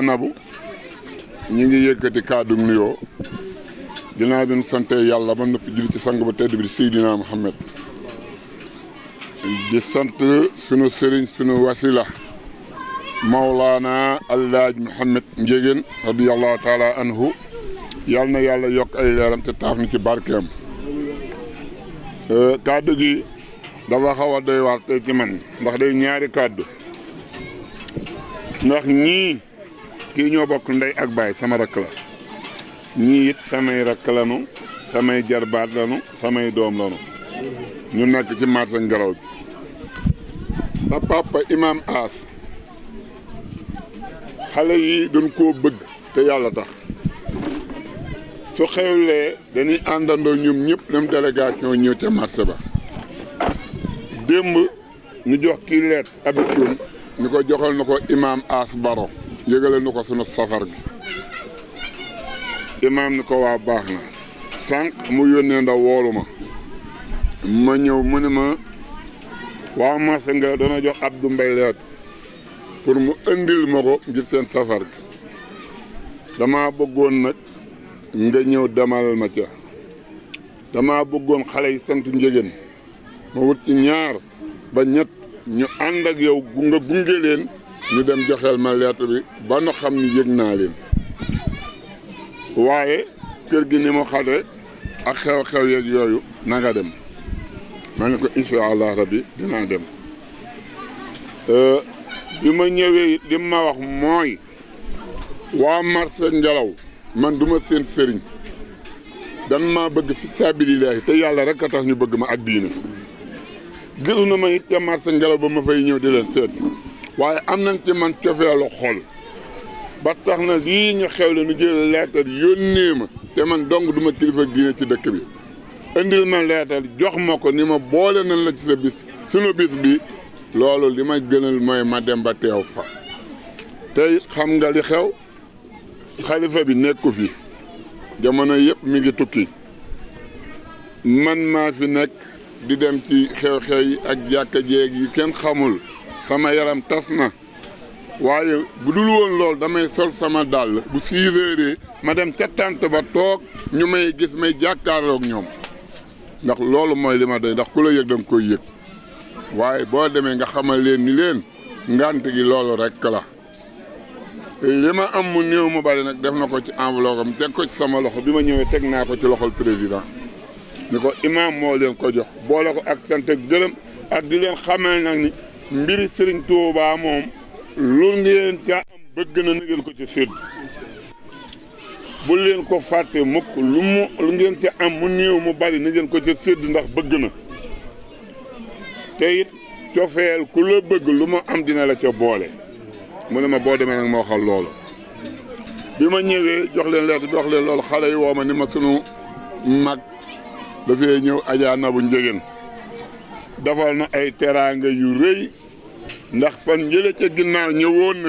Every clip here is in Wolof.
na nabu ñu ngi yëkkati kaadum nuyoo ginnaaw bi ñu sante yàlla ba noppi julli ci sang ba tedd bi Seydina Muhammad di sant sunu sëriñ sunu wasila Mawlaana Alhaaj Muhammad Ndiéguène radiyallahu taala anhu yàlla na yàlla yokk ay leeram te taaf na ci barkeem kaddu gi dafa xaw a doy waar ci man ndax day ñaari kaddu ndax ñii kii ñoo bokk ndey ak baay sama rakk la ñii it samay rakk lanu samay jarbaat lanu samay doom lanu ñu nekk ci marché ngelaw sa papa imam As xale yi duñ koo bëgg te yàlla tax su xewlee dañuy àndandoo ñoom ñëpp dem délégation ñëw ca marché ba démb ñu jox kii leet abituun ñu ko joxal na ko imam As Baro yëgale nu ko sunu safar gi imaam ni ko waa baax na sànq mu yónnee ndaw woolu ma ma ñëw mu ne ma waa marché nga dana jox Abdou Mbaye leet pour mu indil ma ko ngir seen safar gi dama bëggoon nag nga ñëw demal ma ca dama bëggoon xale yi sant njégéen ma wut ci ñaar ba ñett ñu àndak ak yow gunga gunge leen ñu dem joxeel ma leert bi ba nu xam ni yëg naa leen waaye kër gi ni mu xate ak xew-xew yeeg yooyu na dem ma ne ko incha allah rabbi dinaa dem euh, bi ma ñëwee li ma wax mooy waa marché Ngelaw man duma seen sëriñ dan maa bëgg fi sabilillahi te yàlla rek a tax ñu bëgg ma ak diine gisu na ma it ca marché Ngelaw ba ma fay ñëw di leen seet waaye am nañ ci man cofeelu xol ba tax na lii ñu xew la ñu jël leetar yónnee ma te man dong duma kilifa diine ci dëkk bi indil ma leetar jox ma ko ni ma boole na la ci sa bis sunu bis bi loolu li ma gënal mooy ma dem ba teew fa tey xam nga li xew xalifa bi nekku fi jamono yëpp mi ngi tukki man naa fi nekk di dem ci xew-xew yi ak jàkka jeeg yi kenn xamul sama yaram tas na waaye bu dul woon damay sol sama dàll bu six ma dem ca tànt ba toog ñu may gis may jàkkaarloog ñoom ndax loolu mooy li ma doy ndax ku la yëg danga koy yëg waaye boo demee nga xamal leen ni leen ngant gi loolu rekk la li ma am mu néew mu bari nag def na ko ci enveloppe am teg ko ci sama loxo bi ma ñëwee teg naa ko ci loxol président ni ko imaam moo leen ko jox boole ko ak sant ak gërëm ak di leen xamal nag ni mbiri Serigne Touba moom loolu ngeen caa am bëgg na na ko ci sédd bu leen ko fàtte mukk lu mu lu ngeen ca am mu néew mu bari na ngeen ko ca sédd ndax bëgg na te it cofeel ku la bëgg lu ma am dina la ca boole mu ne ma boo demee nag moo xam loolu bi ma ñëwee jox leen leet jox leen loolu xale yi woo ma ni ma sunu mag dafay ñëw ajaa na bu njëgeen defal na ay teraanga yu rëy ndax fan yële ca ginnaaw ñëwoon na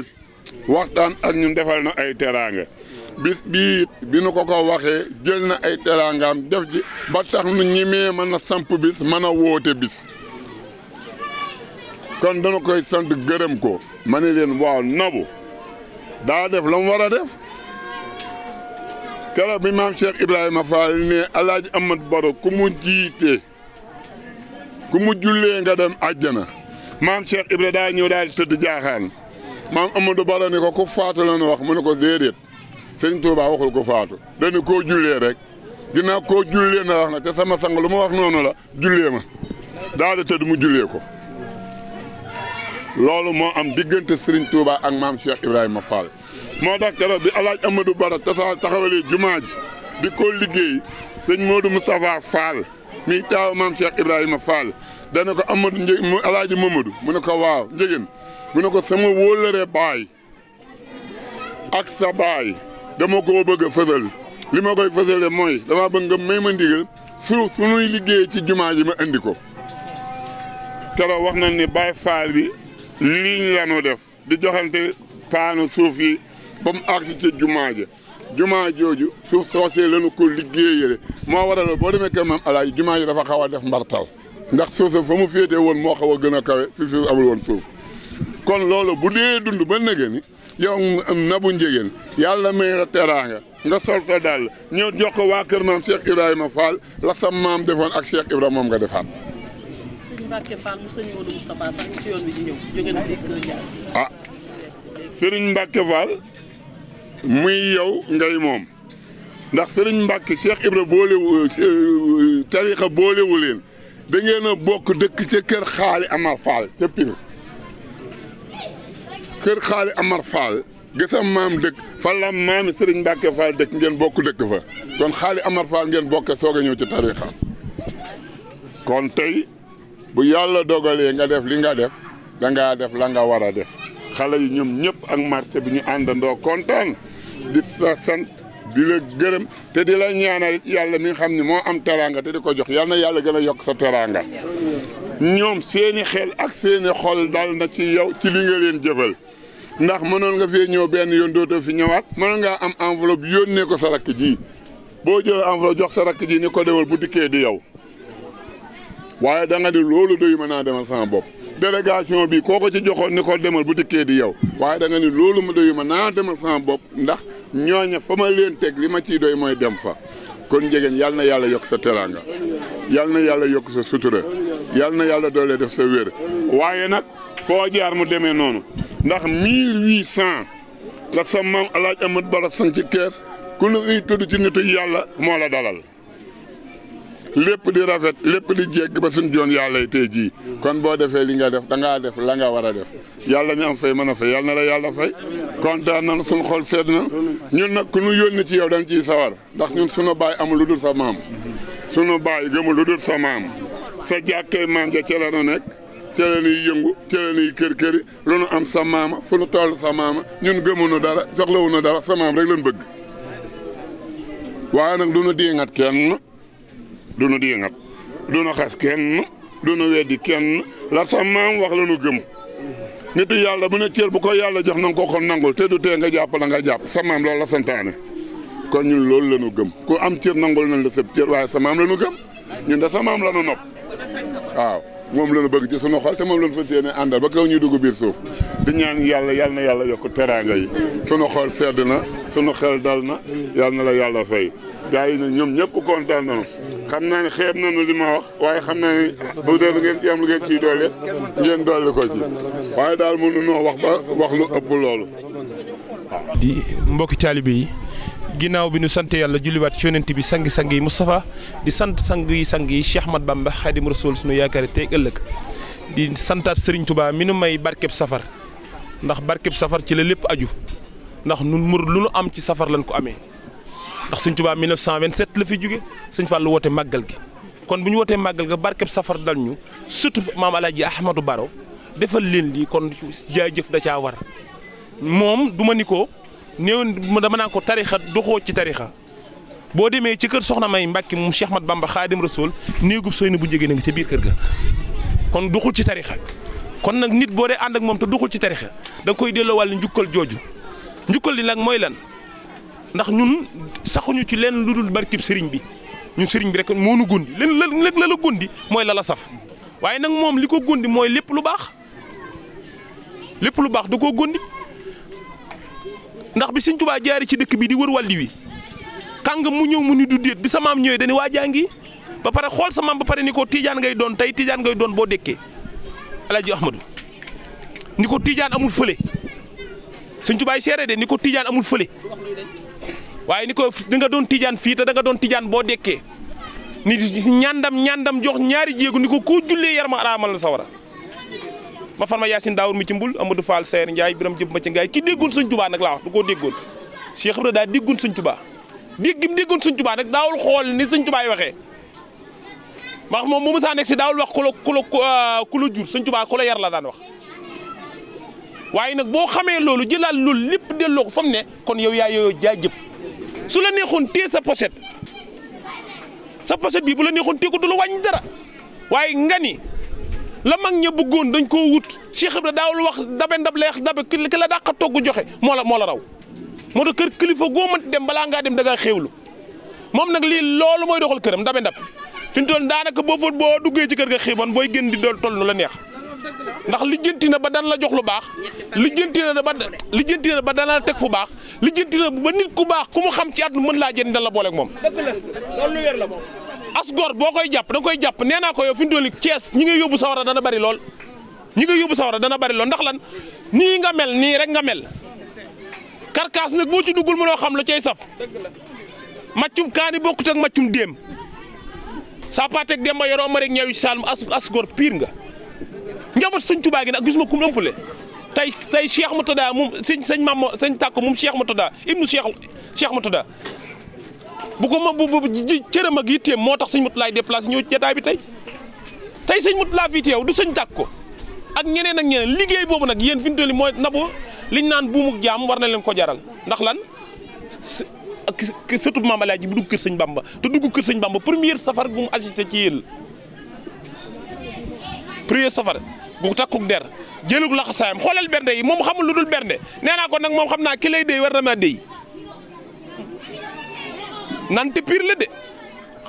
waxtaan ak ñun defal na ay teraanga bis bii bi nu ko ko waxee jël na ay teraangaam def ji ba tax nu ñimee mën a samp bis mën a woote bis kon dana koy sant gërëm ko ma ne leen waaw nabu daa def la mu war a def keroog bi maam Cheikh Ibrahima Fall ne alaaji Amadou Baro ku mu jiite ku mu jullee nga dem àjjana maam Cheikh Ibra daa ñëw daal di tëdd jaaxaan maam Amadou Baro ne ko ku faatu la wax mu ne ko déedéet sëñ Touba waxul ko faatu dañu koo jullee rek ginnaaw koo jullee na wax na te sama sang lu ma wax noonu la jullee ma daal di tëdd mu jullee ko loolu moo am diggante Serigne Touba ak maam Cheikh Ibrahima Fall moo tax keroog bi El Hadj Amadou Bara taxawalee jumaa ji di ko liggéey sëñ Modou Moustapha Fall. mi taaw maam Cheikh Ibrahima Fall dana ko Amadou Njëg alaaji mu ne ko waaw Njëgeen mu ne ko sama wóolare baay ak sa baay dama koo bëgg a li ma koy fësale mooy dama bëgg nga may ma ndigal suuf su nuy liggéey ci jumaa ji ma indi ko keroog wax nañ ni Baay Faal bi liñ la def di joxante paanu suuf yi ba mu àgg ci jumaa jumaa jooju suuf soosee lañu ko liggéeyale moo waral boo demee kër maam alaaji jumaa yi dafa xaw a def mbartal ndax suuf sa fa mu féetee woon moo xaw a gën a kawe fi fi amul woon suuf kon loolu bu dee dund ba nëgë ni yow Nabou Ndiéguène yàlla may la teraanga nga sol sa dàll ñëw jox ko waa kër maam Cheikh Ibrahima Fall la sa maam defoon ak Cheikh Ibrahima moom nga defaat. sëñ ah Serigne Mbacke Fall. muy yow ngay moom ndax sëriñ Mbàkke Cheikh Ibra boolewu euh, tarixa boolewu leen da bokk dëkk ca kër xaali Amar Fall ca Pire kër xaali Amar Fall gësam maam dëkk fa la maami sëriñ Mbàkke Fall dëkk ngeen bokk dëkk fa kon xaali Amar Fall ngeen bokke soog a ñëw ci tarixa kon tey bu yàlla dogalee nga def li nga def dangaa def la nga war a def xale yi ñoom ñëpp ak marché bi ñu àndandoo kontaan di sa sant di la gërëm te di la ñaanal yàlla mi xam ne moo am teraanga te di ko jox yàlla na yàlla gën a yokk sa teraanga ñoom seeni xel ak seeni xol dal na ci yow ci li nga leen jëfal ndax mënoon nga fee ñëw benn yoon dootoo fi ñawaat mënoon ngaa am enveloppe yónnee ko sa rakk ji boo jëlee enveloppe jox sa rakk ji ni ko dewal bu dikkee di yow waaye da nga ne loolu doyu mën naa demal sama bopp délégation bi koo ko ci joxoon ni ko demal bu di dikkee di yow waaye danga nga ni loolu mu doyu ma naa demal sama bopp ndax ñooña fa ma leen teg li ma ciy doy mooy dem fa kon njegéen yal na yàlla yokk sa teraanga yal na yàlla yokk sa sutura yal na yàlla doole def sa wér waaye nag foo jaar mu demee noonu ndax 1800 la sa maam alaaj amat bara san ci kees ku la uy tudd ci nitu yàlla moo la dalal lépp di rafet lépp di jégg ba suñu joon yàlla tey jii kon boo defee li nga def da ngaa def la nga war a def yàlla ñu am fay mën a fay yàlla na la yàlla fay kontaan nañ suñ xol sedd na ñun nag ku ñu yónni ci yow danga ciy sawar ndax ñun suñu baay amul lu dul sa maam suñu baay gëmul lu dul sa maam sa jàkkee maam ja ca la nu nekk ca la ñuy yëngu ca la kër këri lu nu am sa maama fu nu toll sa maama ñun gëmuñu dara soxlawuñu dara sa maam rek lañ duñu diingat duñu xas kenn duñu weddi kenn la sa maam wax la nu gëm nitu yàlla bu ne cër bu ko yàlla jox na ko ko nangul te du tee nga jàpp la nga jàpp sa maam loolu la santaane kon ñun loolu la nu gëm ku am cër nangul nañ la sa cër waaye sa maam la nu gëm ñun da samaam maam la nu waaw moom la ñu bëgg ci sunu xol te moom la ñu fas ba kaw ñuy dugg biir di ñaan yàlla yal na yàlla yokk teraanga yi sunu xol sedd na sunu xel dal na yal na la yàlla fay gaa yi nag ñoom ñëpp kontaan nañu xam naa ni xeeb nañu li ma wax waaye xam naa ne bu lu ngeen ci doole ngeen dolli ko ci waaye daal mënu noo wax ba wax lu ëpp loolu. di mbokki taalibe yi. ginnaaw bi nu sant yàlla julliwaat ci yonent bi sangi-sang yi Moustapha di sant sang yi sang yi Cheikh Ahmad Bamba Xaadim Rasul sunu yaakaar yi tey ëllëg di santaat Serigne Touba mi nu may barkeb safar ndax barkeb safar ci la lépp aju ndax nu mur lu nu am ci safar lañ ko amee ndax Serigne Touba 1927 la fi jóge Serigne Fallou woote màggal gi kon bu ñu wootee màggal ga barkeb safar dal ñu surtout maam Alaaji Ahmadou Baro defal leen lii kon jaajëf da caa war néew dama naan ko tarixa doxoo ci tarixa boo demee ci kër soxna may Mbàkke moom Cheikh Mat Bamba dem Rasul néegub sooy ni bu jege na nga ca biir kër ga kon doxul ci tarixa kon nag nit boo dee ànd ak moom te doxul ci tarixa da koy delloo wàll njukkal jooju njukkal li nag mooy lan ndax ñun saxuñu ci lenn lu dul barkib sëriñ bi ñun sëriñ bi rek moo nu gundi leen la la la gundi mooy la la saf waaye nag moom li ko gundi mooy lépp lu baax lépp lu baax da koo gundi ndax bi sëñ Tuubaa jaari ci dëkk bi di wër di wi kàngam mu ñëw mu ni du déet bi sa maam ñëwee dañu waa jàngi ba pare xool sa maam ba pare ni ko tiijaan ngay doon tey tiijaan ngay doon boo dékkee alaaji ahmadou ni ko tiijaan amul fële sëñ Tuubaa seere de ni ko tiijaan amul fële waaye ni ko da nga doon tiijaan fii te da nga doon tiijaan boo dekkee ni ñàndam ñaandam jox ñaari jéegu ni ko koo jullee yarma araamal la sawara ma farma Yacine Daour mi ci mbul Amadou Fall Seer Ndiaye Biram Jëb ma ci ngaay ki déggoon suñ tubaa nag laa wax du koo déggoon Cheikh Ibra daa déggoon suñ tubaa déggim déggoon suñ tubaa nag daawul xool ni suñ tubaay waxee max moom mu musaa nekk si daawul wax ku la ku la euh, jur suñ tubaa ku yar la daan wax waaye nag boo xamee loolu jëlaat loolu lépp delloo ko fa mu ne kon yow yaa jaay jaajëf su la neexoon téye sa pochette sa pochette bi bu la neexoon téye ko du la wàññi dara waaye nga ni la mag ña bëggoon dañ koo wut Cheikh Ibra daawul wax dabe ndab leex dabe ki la dàq togg joxe moo la moo la raw moo tax kër kilifa goo mënti dem balaa ngaa dem da ngaa xéewlu moom nag lii loolu mooy doxal këram ndabe ndab fi mu toll daanaka boo fa boo duggee ci kër ga xiiban booy gën di dool nu la neex ndax lijjanti na ba dan la jox lu baax lijjanti na ba lijjanti na ba dan la teg fu baax lijjanti na ba nit ku baax ku mu xam ci at mën laa jënd dan la booleeg moom. dëgg la loolu moom. as góor boo koy jàpp da koy jàpp nee naa ko yow fi mu toll Cees ñi ngay yóbbu sawara dana bari lool ñi ngay yóbbu sawara dana bari lool ndax lan nii nga mel nii rek nga mel karkaas nag boo ci duggul mënoo xam lu cey saf maccum kaani bokkut ak maccum déem sapaateeg déem ba yoroo ma rek ñëw si saalum as piir nga njaboot sëñ Tuubaa gi nag ma kum ëmpule tey tey Cheikh Moutada moom sëñ sëñ Mamo sëñ Tàkko moom Cheikh Moutada ibnu Cheikh Cheikh Moutada bu ko ma bu ji cëram ak yitteem moo tax sëñ Mountakha laay déplacé ñëw jataay bi tey tey sëñ Mountakha laa fi teew du sëñ tàkk ko ak ñeneen ak ñeneen liggéey boobu nag yéen fi mu toll mooy nabu liñ naan buumuk jaam war na leen ko jaral ndax lan surtout Mame Alaaji bu dugg kër sëñ Bamba te dugg kër sëñ Bamba première safar gu mu assisté ci yéen première safar gu takkuk der jëlug laxasaayam xoolal bernde yi moom xamul lu dul bernde nee naa ko nag moom xam naa ki lay déy war na maa déy nante piir la de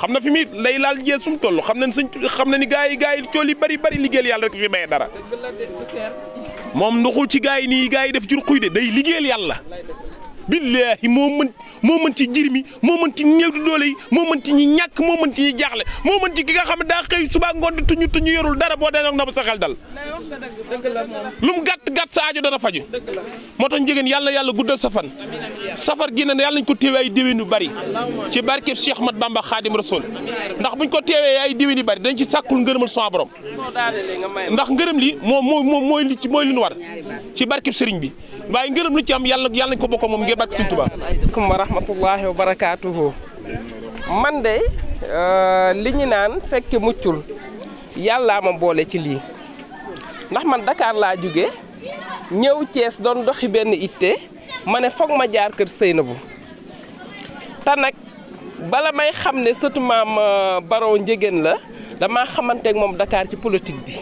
xam na fi muy lay laal jee sum toll xam nañ suñ xam na ni gars yi gars yi cool yi bari bari liggéeyal yàlla rek fi may dara. moom ndoxu ci gars yi nii gars yi def jur xuy de day liggéeyal yàlla. billaahi moo mën moo mën ci jir mi moo man ci néew di doole yi moo mën ci ñi ñàkk moo mën ci ñi jaaxle moo man ci ki nga xam ne daa xëy suba ngoon di tuñu tuñu yorul dara boo dee na ba sa xel dal lu mu gàtt gàtt sa aajo dana faju moo tax njigéen yàlla yàlla guddal sa fan safar gi ne yàlla nañ ko teewee ay déwén yu bari ci barkeb Cheikh Ahmad Bamba Xaadim Rasul ndax buñ ko teewee ay déwén yu bari dañ ci sàkkul ngërëmal sama borom ndax ngërëm li moo mooy mooy li mooy li ñu war ci barkeb sëriñ bi waaye ngërëm lu ci am yàlla yàlla nañ ko bokk moom barke Sëñ Tuubaa aleykum wa rahmatullahi wa barakaatuhu man de euh, li ñu naan fekke muccul yàllaa ma boole ci lii ndax man Dakar laa jóge ñëw cees doon doxi benn itte ma ne foog ma jaar kër Seynabou te nag bala may xam ne sëtu maam euh, Baron Ndiéguène la dama xamanteeg moom dakaar ci politique bi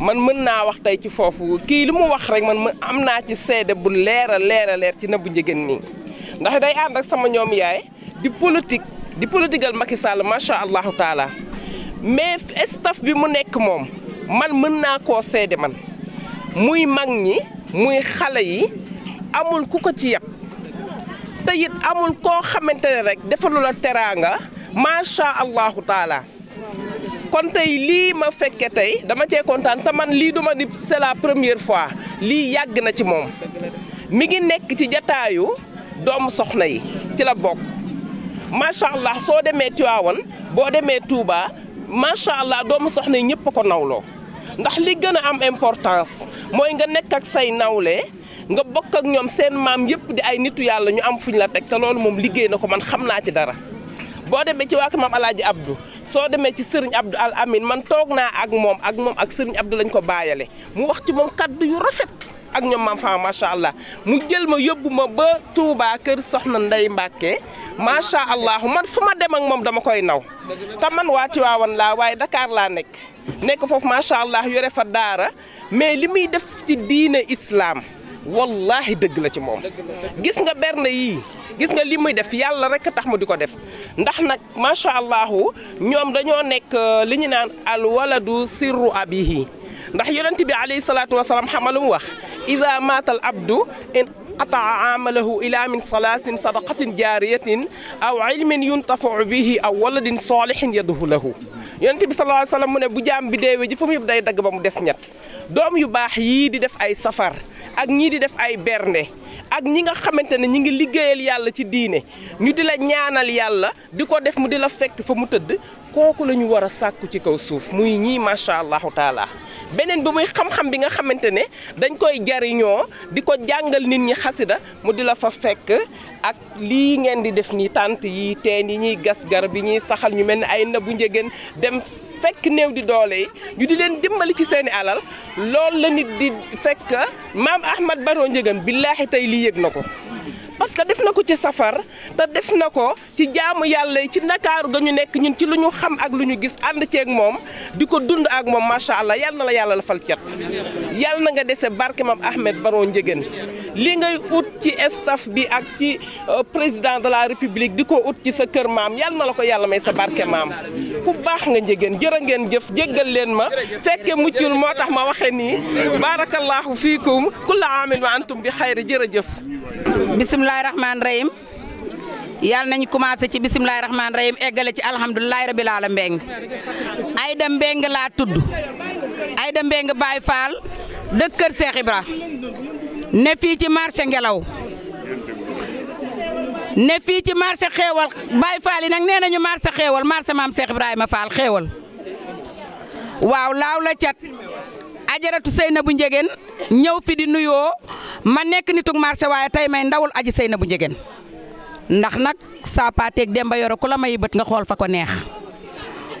man mën naa wax tey ci foofu kii li mu wax rek man ma am naa ci seede bu leer a leer leer ci Nabou Ndiéguène mii ndax day ànd ak sama ñoom yaay di politique di politigal Macky Sall macha allahu taala mais staff bi mu nekk moom man mën naa koo seede man muy mag ñi muy xale yi amul ku ko ci yab te it amul koo xamante ne rek defalu la teraanga macha allahu taala. kon tey lii ma fekke tey dama cee kontaan te man lii duma di c'est la première fois lii yàgg na ci moom mi ngi nekk ci jataayu doomu soxna yi ci la bokk macha allah soo demee Tiwaawan boo demee Touba macha allah doomu soxna yi ñëpp ko nawloo ndax li gën a am importance mooy nga nekk ak say nawle nga bokk ak ñoom seen maam yëpp di ay nitu yàlla ñu am fuñ la teg te loolu moom liggéey na ko man xam naa ci dara. boo demee ci waa kër maam alaaji abdou soo demee ci sëriñ abdou al amin man toog naa ak moom ak moom ak sëriñ abdou lañ ko baayale mu wax ci moom kàdd yu rafet ak ñoom maam macha allah mu jël ma yóbbu ma ba Touba kër soxna Ndey Mbàkke macha allah man fu ma dem ak moom dama koy naw te man waa Tiwaawan laa waaye dakaar laa nekk nekk foofu macha allah yore fa daara mais li muy def ci diine islaam wallahi dëgg la ci moom gis nga berne yii gis nga li muy def yàlla rek tax mu di ko def ndax nag macha allahu ñoom dañoo nekk euh, li ñu naan al waladu sirru abihi ndax yonent bi alayhi salaatu wasalaam xamalu mu wax ida maatal abdu in qataa amalahu ila min salaasin sadaqatin jaariyatin aw ilmin yuntafau bihi aw waladin salihin yaduhu lahu yonent bi sallallahu alayhi wa sallam mu ne bu jaam bi deewee jëfam yëpp day dagg ba mu des ñett doom yu baax yii di def ay safar ak ñii di def ay bernde ak ñi nga xamante ne ñi ngi liggéeyal yàlla ci diine ñu di la ñaanal yàlla di ko def mu di la fekk fa mu tëdd kooku la ñu war a sàkku ci kaw suuf muy ñii macha allahu taala beneen bi muy xam-xam bi nga xamante ne dañ koy jariñoo di ko jàngal nit ñi xasida mu di la fa fekk ak lii ngeen di def nii tànt yi teen yi ñuy gas garab yi ñuy saxal ñu mel ni ay ndabu njëgën dem fekk néew di doole yi ñu di leen dimbali ci seeni alal loolu la nit di fekk maam Ahmad baroo Njëgën billaahi tey lii yëg na ko. parce que def na ko ci safar te def na ko ci jaamu yàlla ci ndakaaru ga ñu nekk ñun ci lu ñu xam ak lu ñu gis ànd ceeg moom di ko dund ak moom macha allah yal na la yàlla la fal yàlla na nga dese barke mam Ahmed Baro Ndiéguène li ngay ut ci staff bi ak ci euh, président de la république di ko ut ci sa kër maam yal na la ko yàlla may sa barke maam ku baax nga jër a ngeen jëf jéggal leen ma fekke muccul moo tax ma waxe nii barakallahu fiikum kulla aamin wa antum bi xayri jërëjëf bisimilah rahmaani rahim yàlla nañu commencé ci bisimilah rahmaani rahim eggale ci alhamdulilah rabil aala mbeng Ayda Mbeng laa tudd Ayda Mbeng Baay Faal dëkk Kër Cheikh Ibra ne fii ci marché ngelaw ne fii ci marché xeewal Baay Faal yi nag nee nañu marché xeewal marché maam Cheikh Ibrahima Fall xeewal waaw laaw la cat. na bu Ndiéguène ñëw fi di nuyoo ma nekk nitug marché waaye tey may ndawul na Seynabou Ndiéguène ndax nag saapateeg Demba Yoro ku la may bët nga xool fa ko neex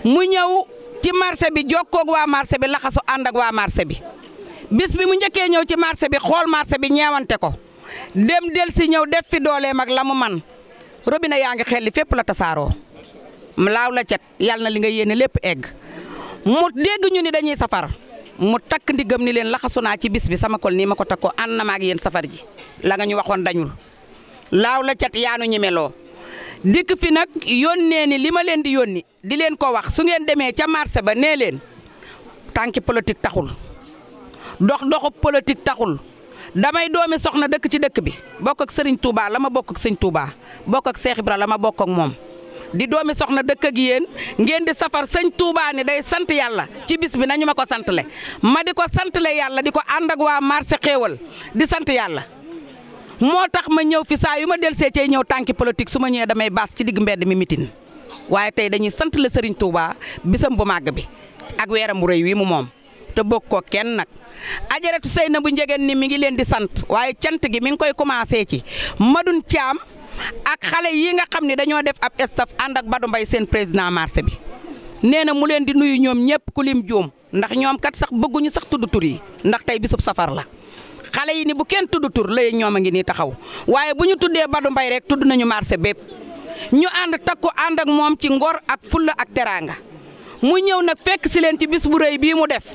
mu ñëw ci marché bi jokkoog waa marché bi laxasu ànd ak waa marché bi bis bi mu njëkkee ñëw ci marché bi xool marché bi ñeewante ko dem del si ñëw def fi doolee mag la mu man robine yaa ngi xelli fépp la tasaaroo laaw la cet yàlla na li nga yéene lépp egg mu dégg ñu ni dañuy safar mu takk ndiggam ni leen laxasu naa ci bis bi sama kol nii ma ko takkoo ànd na ma ak yéen safar ji la nga ñu waxoon dañul laaw la cat yaanu ñemeloo dikk fi nag yónnee ni li ma leen di yónni di leen ko wax su ngeen demee ca marché ba nee leen tànki politique taxul dox doxu politique taxul damay doomi soxna dëkk ci dëkk bi bokk ak Serigne Touba la ma bokk ak Serigne Touba bokk ak Cheikh Ibra la ma bokk ak moom. di doomi soxna dëkk ak yéen ngeen di safar sëñ Touba day sant yàlla ci bis bi nañu ma ko santle ma di ko santle yàlla di ko ànd ak waa marché xéewal di sant yàlla moo tax ma ñëw fi saa yu ma delsee cey ñëw tànki politique suma ma ñëwee damay baas ci digg mbedd mi mitin waaye tey dañuy sant la Serigne Touba bisam bu màgg bi ak weeram bu rëy wi mu moom te bokk ko kenn nag ajaratu sey na bu njegeen ni mi ngi leen di sant waaye cant gi mi ngi koy commencé ci Madoune Thiam ak xale yi nga xam ne dañoo def ab estaf ànd ak Badou mbay seen président marché bi nee na mu leen di nuyu ñoom ñëpp ku lim juum ndax ñoom kat sax bëgguñu sax tudd tur yi ndax tey bisub safar la xale yi ni bu kenn tudd tur lay ñoom a ngi nii taxaw waaye bu ñu tuddee Badou mbay rek tudd nañu marché bépp ñu ànd takku ànd ak moom ci ngor ak fulla ak teraanga mu ñëw nag fekk si leen ci bis bu rëy bii mu def.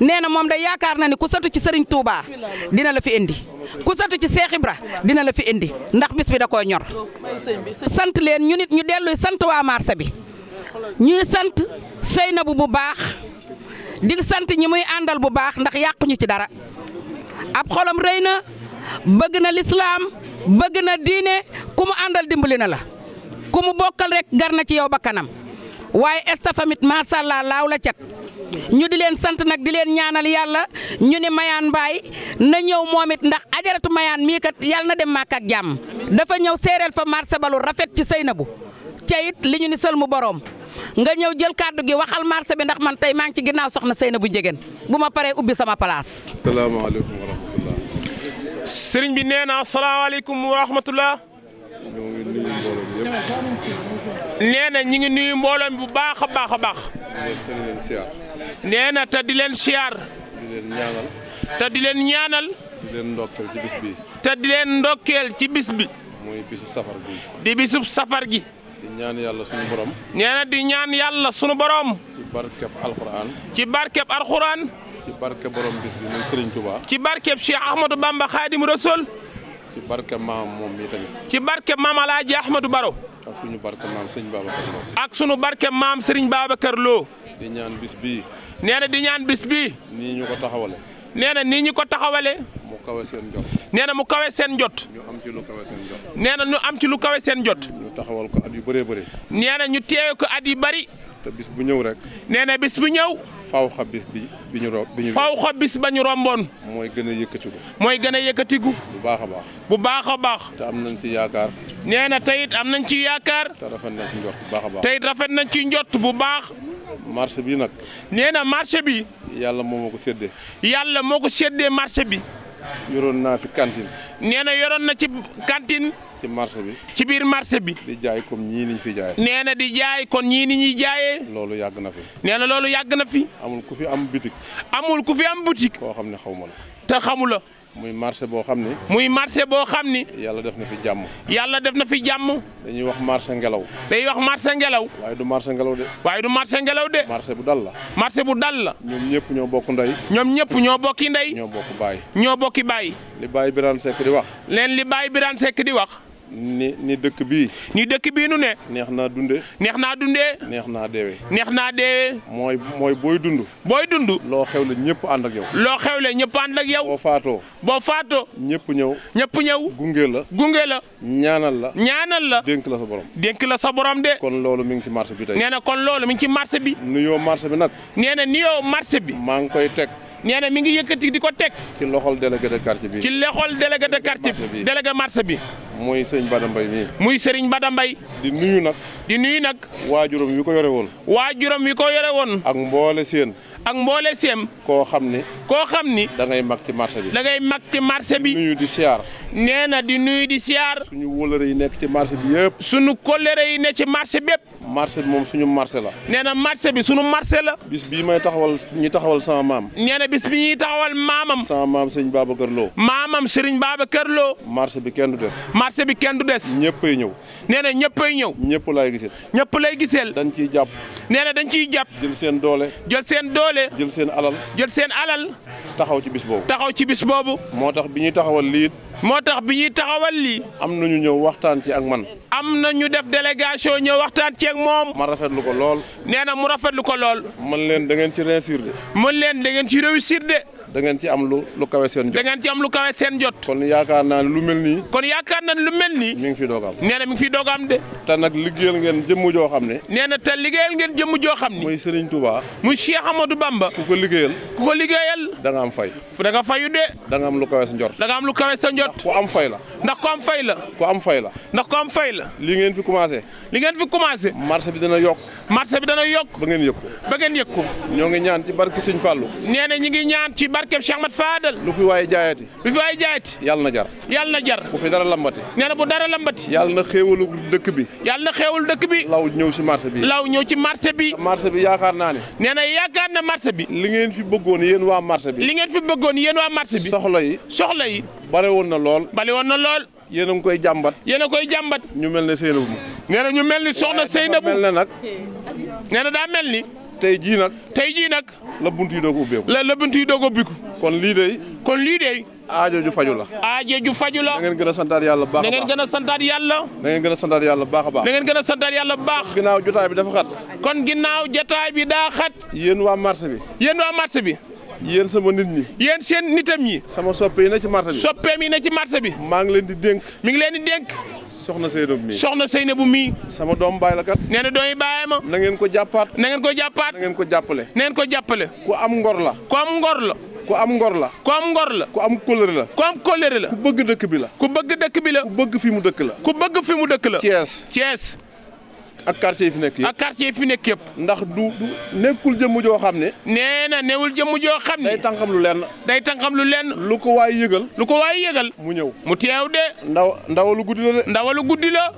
nee na moom day yaakaar na ni ku satu ci sëriñ Touba dina la fi indi ku satu ci Cheikh Ibra dina la fi indi ndax bis bi da koo ñor sant leen ñu ñu delluy sant waa marché bi ñuy sant Seynabou bu bu baax di sant ñi muy àndal bu baax ndax yàquñu ci dara ab xolam rëy na bëgg na lislaam bëgg na diine ku mu àndal dimbali na la ku mu bokkal rek gar na ci yow ba kanam waaye estafamit macha allah laaw la cat ñu di leen sant nag di leen ñaanal yàlla ñu ne Mayane baay na ñëw moom ndax ajaratu Mayane mii kat yàlla na dem màkk jàmm dafa ñëw séeréel fa marché balu rafet ci sëy na bu ceyit li ñu ni sël mu boroom nga ñëw jël kàddu gi waxal marché bi ndax man tey maa ngi ci ginnaaw soxna sëy na bu njegéen bu ma paree ubbi sama place. sëriñ bi nee na salaamaaleykum wa rahmatulah. nee na ñi ngi nuyu mbooloo bu baax a baax a baax. nee na te di leen siyaar. di leen ñaanal. te di leen ñaanal. di leen ndokkeel ci bis bi. te di leen ndokkeel ci bis bi. mooy bisu safar gi. di bisu safar gi. di ñaan yàlla sunu borom. nee na di ñaan yàlla sunu borom. ci barkeb alxuraan. ci barkeb alxuraan. ci barkeb borom bis bi muy Serigne Touba. ci barkeb Cheikh Ahmadou Bamba Khadim Rasoul. ci barkeb maam moom mi tamit. ci barkeb maam Alaaji Ahmadou Baro. ak suñu barke maam sëñ Babacar Lo. ak suñu barke maam sëriñ Babacar Lo. di ñaan bis bii. nee di ñaan bis bi nii ñu ko taxawale nee na nii ñu ko taxawalee. mu kawe seen jot. nee na mu kawe seen jot. ñu am ci lu kawe seen jot. nee na ñu am ci lu kawe seen jot. ñu taxawal ko at yu bëree bëri. nee ñu teewe ko at yu bari te bis bu ñëw rek. nee na bis bu ñëw. faw xa bis bi bi ñu romb faw xa bis ba ñu romboon. mooy gën a yëkkatigu. mooy gën a yëkkatigu. bu baax a baax. bu baax a baax. te am nañ si yaakaar. nee na tey it am nañ ci yaakaar. te rafet nañ ci njott bu baax a baax. tey rafet nañ ci njott bu baax. marché bi nag. nee na marché bi. yàlla moo ma ko séddee. yàlla moo ko seddee marché bi. yoroon naa fi cantine. nee na yoroon na ci cantine. ci marché bi. ci biir marché bi. di jaay comme ñii ni ñu fi jaayee. nee na di jaay kon ñii ni ñuy jaayee. loolu yàgg na fi. nee na loolu yàgg na fi. amul ku fi am boutique. amul ku fi am boutique. koo xam ne xaw ma muy marché boo xam ni. muy marché boo xam ni. yàlla def na fi jàmm. yàlla def na fi jàmm. dañuy wax marché ngelaw. dañuy wax marché ngelaw. waaye du marché ngelaw de. waaye du marché ngelaw de. marché bu dal la. marché bu dal la. ñoom ñëpp ñoo bokk ndey. ñoom ñëpp ñoo bokki ndey. ñoo bokk baay. ñoo bokki baay. li baay Birane Seck di wax. leen li baay Birane Seck di wax. ni ni dëkk bii. ni dëkk bii nu ne. neex naa dundee. neex naa dundee. neex naa deewee. neex naa deewee. mooy mooy booy dund. booy dund. loo xewle ñëpp ànd ak yow. loo xewle ñëpp ànd ak yow. boo faatoo. boo faatoo. ñëpp ñëw. ñëpp ñëw. gunge la. gunge la. ñaanal la. ñaanal la. denk la sa borom. dénk la sa borom de. kon loolu mi ngi ci marché bi tey. nee na kon loolu mi ngi ci marché bi. nuyoo marché bi nag. nee na nuyoo marché bi. maa ngi koy teg. nee mi ngi yëkkati di ko teg. ci loxol délégué de quartier bi. ci loxol délégué de quartier bi délégué marché bi. muy Serigne Bada Mbaye mii. muy Serigne Bada Mbaye. di nuyu nag. di nuyu nag. waajuram wi ko yore woon. waajuram wi ko yore woon. ak mboole seen. ak mboole seen. koo xam ni. koo xam ni. da ngay mag ci marché bi. da ngay mag ci marché bi. nuyu di siyaar. nee na di nuyu di siyaar. suñu wóllare yi nekk ci marché bi yëpp. suñu kóllare yi ne ci marché bépp marché bi moom suñu marché la. nee na marché bi suñu marché la. bis bii may taxawal ñi taxawal sama maam. nee na bis bi ñuy taxawal maamam. sama maam Serigne Babacar Lo. maamam Serigne Babacar Lo. marché bi kenn du des. marché bi kenn du des. ñëppay ñëw. nee na ñëppay ñëw. ñëpp laay giseel. ñëpp lay giseel. dañ ciy jàpp. nee na dañ ciy jàpp. jël seen doole. jël seen doole. jël seen alal. jël seen alal. taxaw ci bis boobu. taxaw ci bis boobu. moo tax bi ñuy taxawal lii moo tax bi ñuy taxawal lii. am na ñu ñëw waxtaan ci ak man. am na ñu def délégation ñëw waxtaan ci ak moom. ma rafetlu ko lool. nee na mu rafetlu ko lool. man leen da ngeen ci réussir de. man leen da ngeen ci réussir de. da ngeen ci am lu lu kawe seen jot da ngeen ci am lu kawe kon yaakaar naa lu mel nii kon yaakaar naa lu mel nii mi fi doog am nee fi doog de te nag ngeen jëmm joo xam ne nee na te ngeen jëmm joo xam ne muy Serigne Touba muy Cheikh Amadou Bamba ku ko liggéeyal ku ko liggéeyal da am fay da nga fayu de da am lu kawe sa njot am lu kawe sa njot ku am fay la ndax ku am fay la ku am fay la ndax am fay la li ngeen fi commencé li ngeen fi commencé marché bi dana yokk marché bi dana yokk ba ngeen yëg ba ngeen yëg ko ñoo ngi ñaan ci barke Serigne barkeb Cheikh Mat Fadal lu fi waaye jaayati lu fi waaye jaayati yàlla na jar yàlla na jar bu fi dara na bu dara dëkk bi yàlla na dëkk bi law ñëw ci marché bi law ñëw ci marché bi marché bi yaakaar naa ne nee na yaakaar na marché bi li ngeen fi bëggoon yéen waa marché bi li ngeen bëggoon yéen waa marché bi soxla yi soxla yi bare woon na lool bare woon na lool yéen a ngi koy jàmbat yéen a koy jàmbat ñu mel na Seynabou nee na ñu mel ni soxna Seynabou mel na nag nee na daa mel ni tey jii nag. tey jii nag. la bunt yi doog a ubbeeku. la la bunt yi doog a ubbeeku. kon lii de. kon lii de. aajo ju la. aajo ju faju la. na gën a santaat yàlla baax a baax na ngeen gën a santaat yàlla. na ngeen gën a baax a baax. na ngeen gën a santaat yàlla baax. ginnaaw jotaay bi dafa xat. kon ginnaaw jotaay bi daa xat. yéen waa marché bi. yéen waa marché bi. yéen sama nit ñi. yéen seen nitam ñi. sama soppe yi na ci marché bi. soppeem yi na ci marché bi. maa ngi leen di dénk. mi ngi leen di dénk soxna Seynabou mii soxna Seynabou mii sama doom baay la kat nee na doomi baay ma na ngeen ko jàppaat nangeen ngeen ko jàppaat na ko jàppale na ko jàppale ku am ngor la ku am ngor la ku am ngor la ku am ngor la ku am kóllëre la ku am kóllëre la ku bëgg dëkk bi la ku bëgg dëkk bi la bëgg fi mu dëkk la ku bëgg fi mu dëkk la Thiès Thiès ak quartier yi fi nekk yëpp ak quartier yi fi nekk yëpp. ndax du du nekkul jëmm joo xam ne. nee na newul jëmm joo xam ne. day tànqam lu lenn. day tànqam lu lenn. lu ko waay yëgal. lu ko waay yëgal. mu ñëw mu teew de. ndaw ndawalu guddi la de. ndawalu guddi la.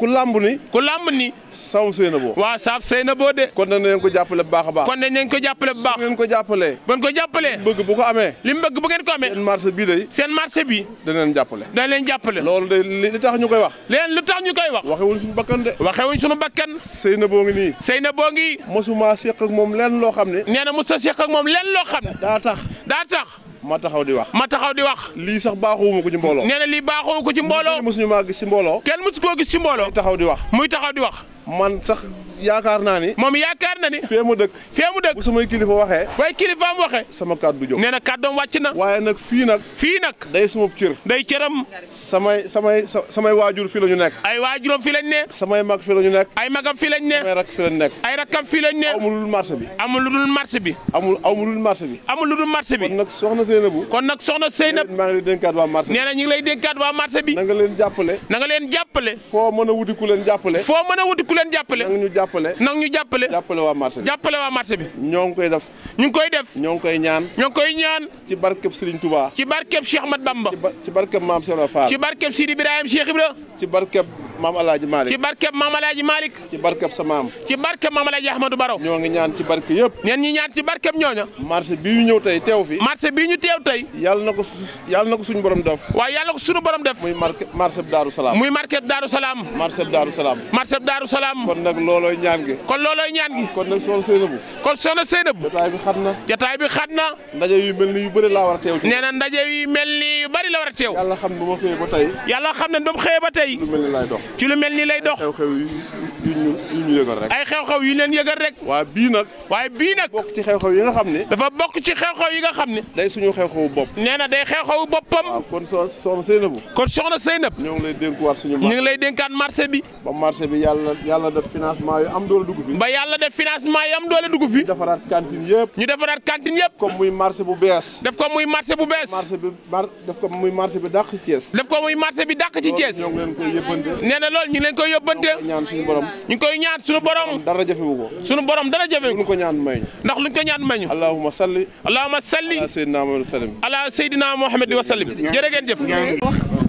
ku làmb ni ku làmb ni saw sëy na boo waaw saaf sëy na boo de kon nañ leen ko jàppale bu baax a baax kon nañ leen ko jàppale bu baax su ngeen ko jàppalee bu ngeen ko jàppalee bëgg bu ko amee li mu bëgg bu ngeen ko amee seen marché bii day seen marché bi dana leen jàppale dana leen jàppale loolu de li tax ñu koy wax leen lu tax ñu koy wax waxewuñ suñu bakkan de waxewuñ suñu bakkan sëy na boo ngi nii sëy na boo ngi mosuma séq ak moom leen loo xam ne nee na mosa séq ak moom leen loo xam ne daa tax daa tax ma taxaw di wax ma taxaw di wax lii sax baaxuwuma ko ci mbooloo nee na lii baaxuwu ko ci mbooloo mosuñu maa gis ci mbooloo kenn mosu koo gis ci mbooloo taxaw di wax muy taxaw di wax man sax yaakaar naa ni moom yaakaar na ni fee mu dëkk fee mu dëkk bu samay kilifa waxee waaye kilifaam waxee sama kàddu jóg nee na kàddoom wàcc na waaye nag fii nag fii nag day sama cër day cëram samay samay samay waajur fi la ñu nekk ay waajuram fi lañ ne samay mag fi la ñu nekk ay magam fi lañ ne samay rak fi lañ nekk ay rakam fi lañ ne amul lu dul marché bi amul lu dul marché bi amul amul lu dul marché bi amul lu dul marché bi kon nag soxna Seynabou kon nag soxna Seynabou maa ngi lay dénkaat waa marché nee na ñu ngi lay dénkaat waa marché bi na nga leen jàppale na nga leen jàppale foo mën a wuti ku leen jàppale foo mën a wuti ku leen jàppale jàppale nag ñu jàppale jàppale waa marché bi jàppale waa marché bi ñoo ngi koy def ñu ngi koy def. ñoo ngi koy ñaan. ñoo ngi koy ñaan. ci barkeb Serigne Touba. ci barkeb Cheikh Ahmad Bamba. ci barkeb Maam Cheikh Fall. ci barkeb Sidi Ibrahima Cheikh Ibra. ci barkeb Maam El Hadj Malick. ci barkeb Maam El Hadj Malick. ci barkeb sa maam. ci barkeb Maam El Hadj Ahmadou Baro. ñoo ngi ñaan ci barke yëpp. ñeen ñi ñaan ci barkeb ñooña. marché bii ñu ñëw tey teew fi. marché bii ñu teew tey. yàlla na ko su yàlla na ko suñu borom def. waaw yàlla na ko suñu borom def. muy marché marché Daaru Salaam. muy marché Daaru Salaam. marché Daaru Salaam. marché Daaru Salaam. kon nag loolooy ñaan gi. kon loolooy ñaan gi. kon nag soxna Seynabou. kon soxna Seynabou. jotaay bi xat na jataay bi xat na ndaje yu mel ni yu bëri laa war a teew nee na ndaje mel ni yu bëri la war a teew yàlla xam ne ba ma ba tey yàlla xam ne ba ma ba tey lu mel ni lay dox ci lu mel ni lay dox xew-xew yu ñu ay xew-xew yu leen yëgal rek waaye bii nag waaye bii nag bokk ci xew-xew yi nga xam ne dafa bokk ci xew-xew yi nga xam ne day suñu xew-xewu bopp nee na day xew-xewu boppam waaw kon so soxna Seynabu kon soxna Seynab ñu ngi lay dénkuwaat suñu ñu ngi lay dénkaat marché bi ba marché bi yàlla yàlla def financement yu am doole dugg fi ba yàlla def financement yu am doole dugg fi defaraat cantine ñu defaraat cantine yëpp. comme muy marché bu bees. def ko muy marché bu bees. marché bi mar def ko muy marché bi dàq ci Thiès. def ko muy marché bi dàq ci Thiès. loolu ñoo ngi leen koy yëbbante. nee na loolu ñu ngi leen koy yëbbante. ñaan suñu borom. ñu ngi koy ñaan suñu borom. dara jafewu ko. suñu borom dara jafewu ko. luñ ko ñaan may. ndax luñ ko ñaan may ñu. allahumma salli. allahumma salli. ala sayyidina Muhammad wa sallim. ala sayyidina Muhammad wa sallim. jërë ngeen jëf.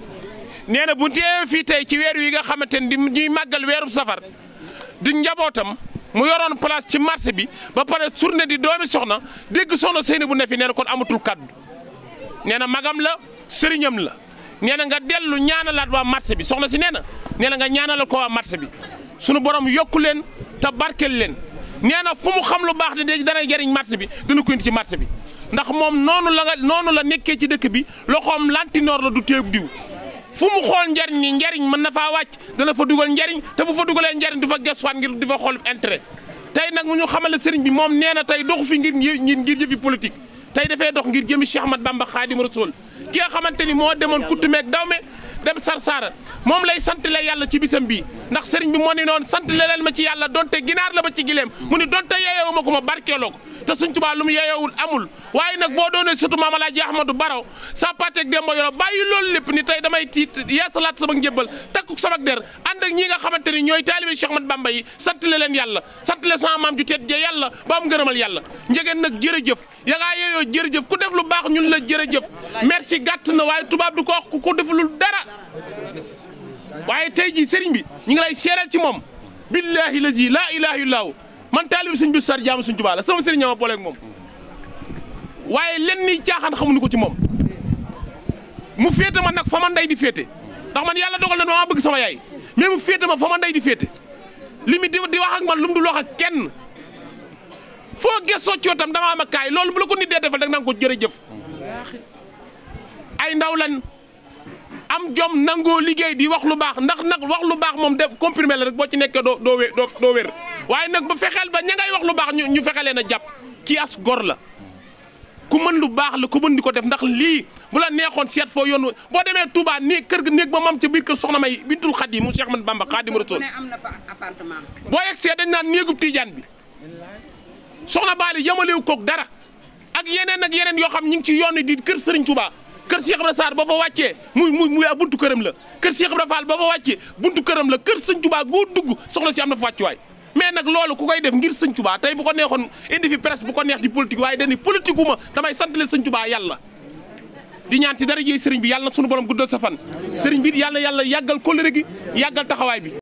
nee na bu teewee fii tey ci weer wi nga xamante ni di ñuy màggal weeru safar di njabootam mu yoroon place ci marché bi ba pare journée di doomi soxna dégg soxna Seyni bu ne fi nee kon amatul kaddu nee na magam la sëriñam la nee na nga dellu ñaana laat waa marché bi soxna si nee na nee na nga ñaanalal ko waa marché bi sunu borom yokku leen te barkel leen nee na fu mu xam lu baax de dana jëriñ marché bi dana ko indi ci marché bi ndax moom noonu la noonu la nekkee ci dëkk bi loxoom lantinoor la du teew diw fu mu xool njariñ ni njariñ mën na faa wàcc dana fa dugal njariñ te bu fa dugalee njariñ du fa gestuwaat ngir di fa xool intérêt tey nag mu ñu xamale sëriñ bi moom nee na tey doxu fi ngir ngir ngir jëfi politique tey dafay dox ngir jëmi Cheikh Ahmad Bamba Xaadim Rasul ki nga xamante ni moo demoon kuttumeeg daw me dem sarsaara moom lay sant la yàlla ci bisam bi ndax sëriñ bi moo ne noonu sant la leen ma ci yàlla donte ginaar la ba ci gileem mu ni donte yeeyewu ma ko ma barkeeloo ko te Sëñ Tuubaa lu mu amul waaye nag boo doonee surtout maam Alaaji Ahmadou Baro sa pateek Demba Yoro bàyyi loolu lépp ni tey damay tiit yeesalaat sama njëbbal takku sama der ànd ak ñi nga xamante ni ñooy taalibe Cheikh Ahmad Bamba yi sant leen yàlla sant leen sama maam ju teet ja yàlla ba am ngërëmal yàlla njegeen nag jërëjëf ya ngaa jërëjëf ku def lu baax ñun la jërëjëf merci gàtt na waaye tubaab du ko wax ku defulul dara waaye tey jii sëriñ bi ñu ngi lay seeral ci moom billaahi lazi laa ilaaha illaa man taalibi suñ bis sar jaamu suñ Tuubaa la sama sëriñ ñama booleeg moom waaye lenn ni caaxaan xamuñu ko ci moom mu féete ma nag fa man ndey di féete ndax man yàlla dogal na dama bëgg sama yaay mais mu féete ma fa ma ndey di féete li mu di wax ak man lu mu dul ak kenn foo gëstoo ci tam damaa am a kaay loolu bu la ko nit dee defal da nga ko jërëjëf ay ndaw lan am jom nangoo liggéey di wax lu baax ndax nag wax lu baax moom de comprimé la rek boo ci nekkee doo doo wér doo wér waaye nag ba fexeel ba ña ngay wax lu baax ñu ñu fexe leen a jàpp kii as gor la ku mën lu baax la ku mën di ko def ndax lii bu la neexoon seet foo yoon boo demee tubaa néeg kër néeg ba mam ci biir kër soxna may bintul Xaadim mu Cheikh Ahmadou Bamba Xaadimu Rasuul boo yegsee dañ naan néegub Tijaan bi soxna Baali yamalewu koog dara ak yeneen ak yeneen yoo xam ñu ngi ci yoon di kër Sëriñ Touba kër Cheikh saar Sarr ba fa wàccee muy muy muy buntu këram la kër Cheikh Ibra Fall ba fa wàccee buntu këram la kër Sëñ Tuubaa goo dugg soxna si am na fa wàccuwaay mais nag loolu ku koy def ngir Sëñ Tuubaa tey bu ko neexoon indi fi presse bu ko neex di politique waaye dañuy politique wu ma damay sant leen Sëñ yàlla di ñaan si dara jëy sëriñ bi yàlla na sunu borom guddal sa fan sëriñ bi yàlla yàlla yàggal kóllëre gi yàggal taxawaay bi